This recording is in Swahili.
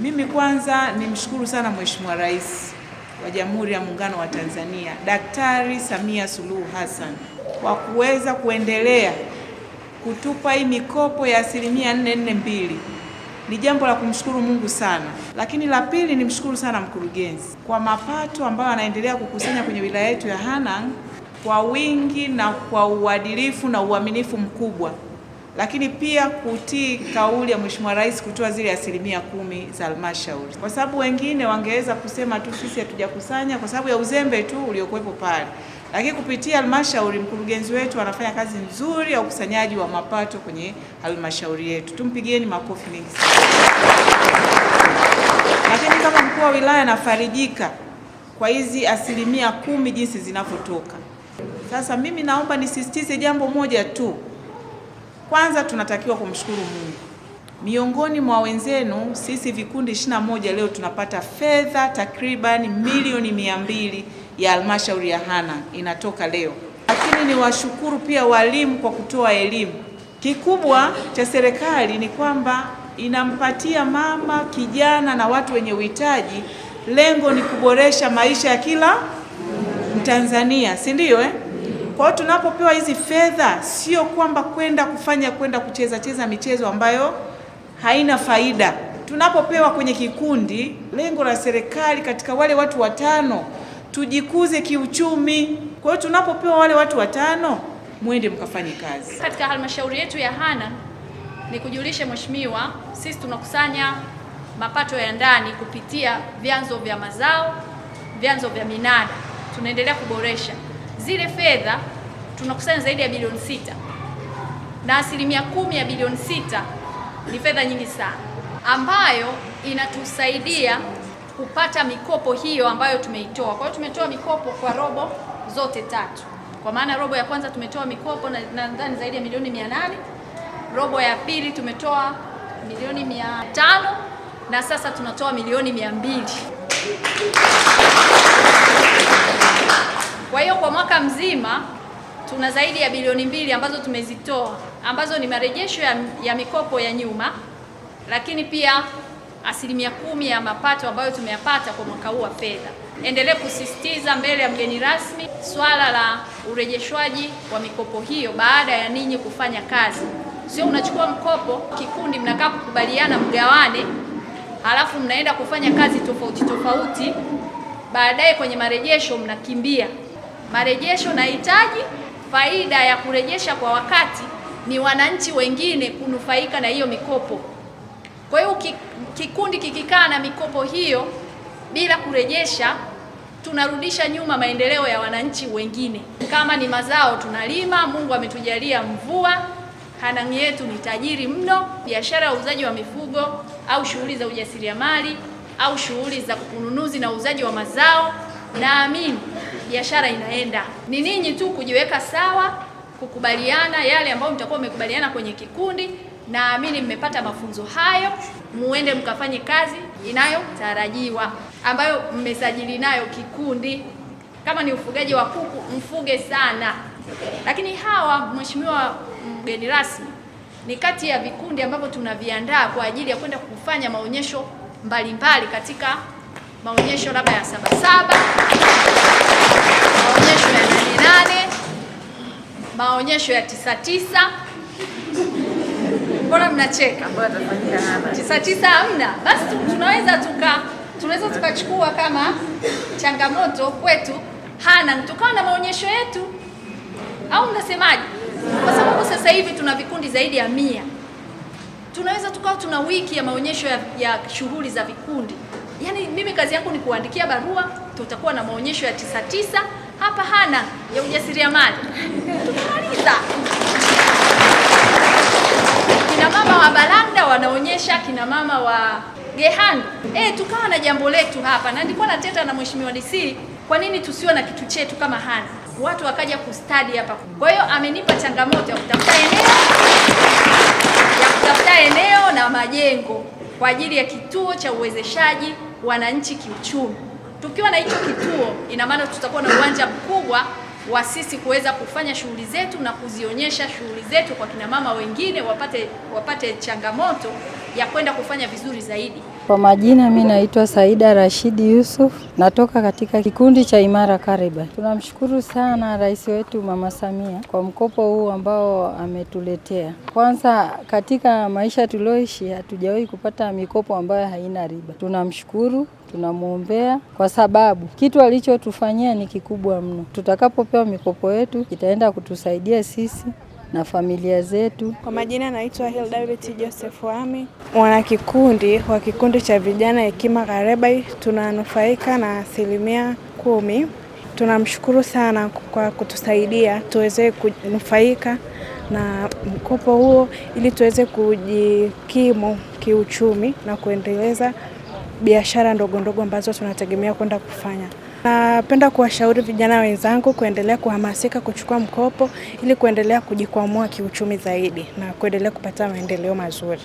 Mimi kwanza nimshukuru sana Mheshimiwa Rais wa Jamhuri ya Muungano wa Tanzania Daktari Samia Suluhu Hassan kwa kuweza kuendelea kutupa hii mikopo ya asilimia nne nne mbili ni jambo la kumshukuru Mungu sana. Lakini la pili ni mshukuru sana mkurugenzi kwa mapato ambayo anaendelea kukusanya kwenye wilaya yetu ya Hanang' kwa wingi na kwa uadilifu na uaminifu mkubwa lakini pia kutii kauli ya Mheshimiwa Rais kutoa zile asilimia kumi za halmashauri, kwa sababu wengine wangeweza kusema tu sisi hatujakusanya kwa sababu ya uzembe tu uliokuwepo pale, lakini kupitia halmashauri mkurugenzi wetu anafanya kazi nzuri ya ukusanyaji wa mapato kwenye halmashauri yetu. Tumpigieni makofi mengi sana. Lakini kama mkuu wa wilaya anafarijika kwa hizi asilimia kumi jinsi zinavyotoka. Sasa mimi naomba nisisitize jambo moja tu. Kwanza tunatakiwa kumshukuru Mungu. Miongoni mwa wenzenu sisi vikundi ishirini moja leo tunapata fedha takribani milioni mia mbili ya halmashauri ya Hanang' inatoka leo. Lakini niwashukuru pia walimu kwa kutoa elimu. Kikubwa cha serikali ni kwamba inampatia mama, kijana na watu wenye uhitaji, lengo ni kuboresha maisha ya kila Mtanzania, si ndio eh? Kwa hiyo tunapopewa hizi fedha, sio kwamba kwenda kufanya kwenda kucheza cheza michezo ambayo haina faida. Tunapopewa kwenye kikundi, lengo la serikali katika wale watu watano tujikuze kiuchumi. Kwa hiyo tunapopewa wale watu watano, mwende mkafanye kazi. Katika halmashauri yetu ya Hana, nikujulishe mheshimiwa, sisi tunakusanya mapato ya ndani kupitia vyanzo vya mazao, vyanzo vya minada, tunaendelea kuboresha zile fedha tunakusanya zaidi ya bilioni sita na asilimia kumi ya bilioni sita ni fedha nyingi sana, ambayo inatusaidia kupata mikopo hiyo ambayo tumeitoa. Kwa hiyo tumetoa mikopo kwa robo zote tatu, kwa maana robo ya kwanza tumetoa mikopo nadhani zaidi ya milioni mia nane robo ya pili tumetoa milioni mia tano na sasa tunatoa milioni mia mbili kwa hiyo kwa mwaka mzima tuna zaidi ya bilioni mbili ambazo tumezitoa ambazo ni marejesho ya, ya mikopo ya nyuma, lakini pia asilimia kumi ya mapato ambayo tumeyapata kwa mwaka huu wa fedha. Endelee kusisitiza mbele ya mgeni rasmi swala la urejeshwaji wa mikopo hiyo baada ya ninyi kufanya kazi. Sio unachukua mkopo kikundi, mnakaa kukubaliana mgawane, halafu mnaenda kufanya kazi tofauti tofauti, baadaye kwenye marejesho mnakimbia marejesho nahitaji faida ya kurejesha kwa wakati ni wananchi wengine kunufaika na hiyo mikopo. Kwa hiyo kikundi kikikaa na mikopo hiyo bila kurejesha, tunarudisha nyuma maendeleo ya wananchi wengine. Kama ni mazao tunalima, Mungu ametujalia mvua, Hanang' yetu ni tajiri mno. Biashara ya uuzaji wa mifugo au shughuli za ujasiriamali au shughuli za ununuzi na uuzaji wa mazao, naamini biashara inaenda. Ni ninyi tu kujiweka sawa, kukubaliana yale ambayo mtakuwa mmekubaliana kwenye kikundi. Naamini mmepata mafunzo hayo, muende mkafanye kazi inayotarajiwa ambayo mmesajili nayo kikundi. Kama ni ufugaji wa kuku, mfuge sana. Lakini hawa, mheshimiwa mgeni rasmi, ni kati ya vikundi ambavyo tunaviandaa kwa ajili ya kwenda kufanya maonyesho mbalimbali katika maonyesho labda ya Sabasaba, maonyesho ya Nane Nane, maonyesho ya tisa tisa. Mbona mnacheka? tisa tisa hamna? Basi tunaweza tuka tunaweza tukachukua kama changamoto kwetu hana tukawa na maonyesho yetu, au mnasemaje? Kwa sababu sasa hivi tuna vikundi zaidi ya mia, tunaweza tukawa tuna wiki ya maonyesho ya, ya shughuli za vikundi. Yaani mimi kazi yangu ni kuandikia barua, tutakuwa na maonyesho ya tisa tisa hapa Hana ya ujasiriamali tutamaliza. Kina mama wa Balanda wanaonyesha kina mama wa gehan Eh, tukawa na jambo letu hapa na nilikuwa nateta na mheshimiwa DC, kwa nini tusiwe na kitu chetu kama Hana? Watu wakaja kustadi hapa. Kwa hiyo amenipa changamoto ya kutafuta eneo ya kutafuta eneo na majengo kwa ajili ya kituo cha uwezeshaji wananchi kiuchumi. Tukiwa na hicho kituo, ina maana tutakuwa na uwanja mkubwa wa sisi kuweza kufanya shughuli zetu na kuzionyesha shughuli zetu kwa kinamama wengine, wapate wapate changamoto ya kwenda kufanya vizuri zaidi. Kwa majina mi naitwa Saida Rashidi Yusuf, natoka katika kikundi cha Imara Kariba. Tunamshukuru sana rais wetu Mama Samia kwa mkopo huu ambao ametuletea. Kwanza katika maisha tulioishi hatujawahi kupata mikopo ambayo haina riba. Tunamshukuru, tunamwombea kwa sababu kitu alichotufanyia ni kikubwa mno. Tutakapopewa mikopo yetu itaenda kutusaidia sisi na familia zetu. Kwa majina naitwa Hildabeth Joseph Wami, mwanakikundi wa kikundi cha vijana Hekima Karebai. Tunanufaika na asilimia kumi. Tunamshukuru sana kwa kutusaidia tuweze kunufaika na mkopo huo ili tuweze kujikimu kiuchumi na kuendeleza biashara ndogo ndogo ambazo tunategemea kwenda kufanya. Napenda kuwashauri vijana wenzangu kuendelea kuhamasika kuchukua mkopo ili kuendelea kujikwamua kiuchumi zaidi na kuendelea kupata maendeleo mazuri.